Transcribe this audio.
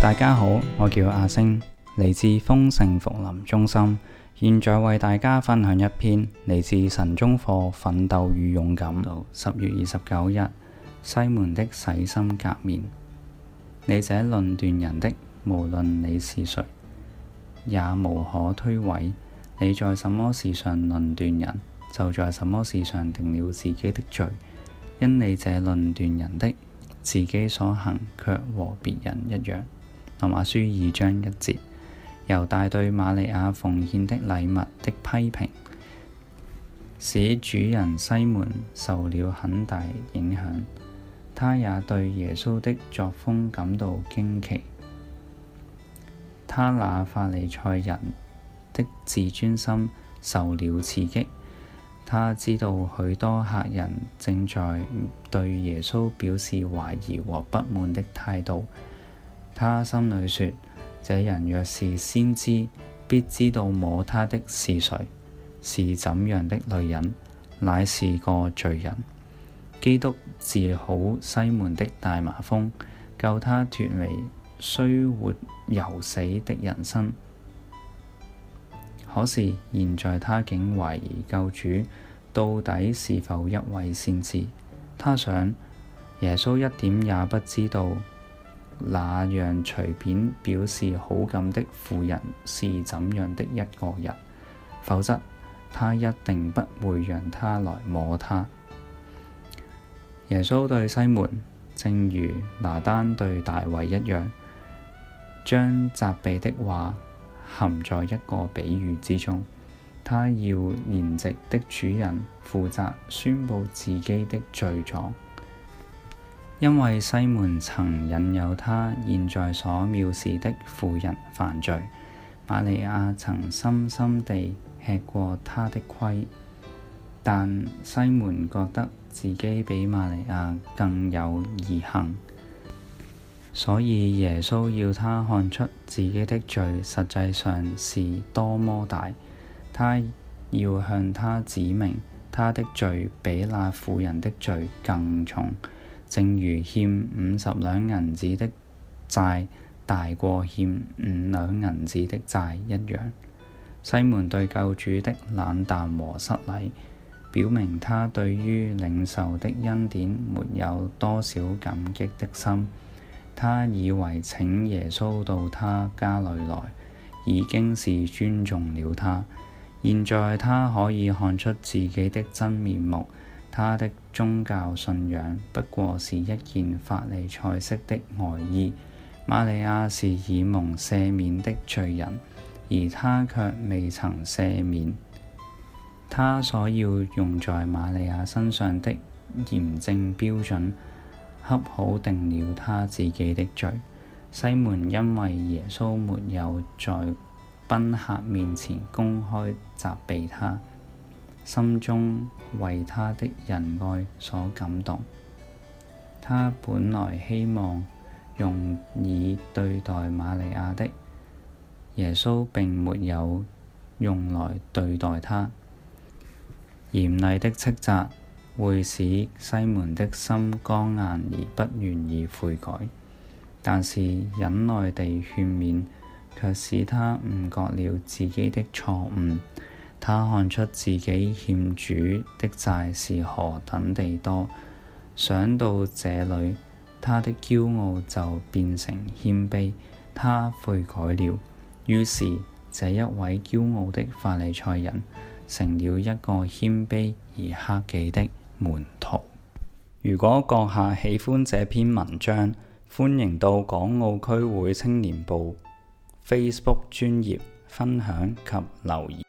大家好，我叫阿星，嚟自豐盛福林中心，現在為大家分享一篇嚟自神中課《奮鬥與勇敢》好。十月二十九日，西門的洗心革面。你這論斷人的，無論你是誰，也無可推諉。你在什麼事上論斷人，就在什麼事上定了自己的罪，因你這論斷人的，自己所行卻和別人一樣。《羅馬書》二章一節。猶大對瑪利亞奉獻的禮物的批評，使主人西門受了很大影響。他也對耶穌的作風感到驚奇。他那法利賽人的自尊心受了刺激。他知道許多客人正在對耶穌表示懷疑和不滿的態度。他心裏說，這人若是先知，必知道摸他的是誰，是怎樣的女人，乃是個罪人。基督治好西門的大麻風，救他脱離雖活猶死的人生。可是現在他竟懷疑救主到底是否一位先知。他想耶穌一點也不知道。那樣隨便表示好感的婦人是怎樣的一個人？否則，他一定不會讓他來摸他。耶穌對西門，正如拿單對大衛一樣，將責備的話含在一個比喻之中。他要筵席的主人負責宣佈自己的罪狀。因為西門曾引誘他現在所藐視的婦人犯罪，瑪利亞曾深深地吃過他的虧，但西門覺得自己比瑪利亞更有義行，所以耶穌要他看出自己的罪實際上是多麼大，他要向他指明他的罪比那婦人的罪更重。正如欠五十兩銀子的債大過欠五兩銀子的債一樣，西門對救主的冷淡和失禮，表明他對於領受的恩典沒有多少感激的心。他以為請耶穌到他家裏來，已經是尊重了他。現在他可以看出自己的真面目。他的宗教信仰不過是一件法利賽式的外衣。瑪利亞是以蒙赦免的罪人，而他卻未曾赦免。他所要用在瑪利亞身上的嚴正標準，恰好定了他自己的罪。西門因為耶穌沒有在賓客面前公開責備他，心中為他的仁愛所感動，他本來希望用以對待瑪利亞的耶穌並沒有用來對待他。嚴厲的斥責會使西門的心剛硬而不願意悔改，但是忍耐地勸勉卻使他悟覺了自己的錯誤。他看出自己欠主的債是何等地多，想到這裏，他的驕傲就變成謙卑，他悔改了。於是，這一位驕傲的法利賽人成了一個謙卑而克己的門徒。如果閣下喜歡這篇文章，歡迎到港澳區會青年部 Facebook 專頁分享及留言。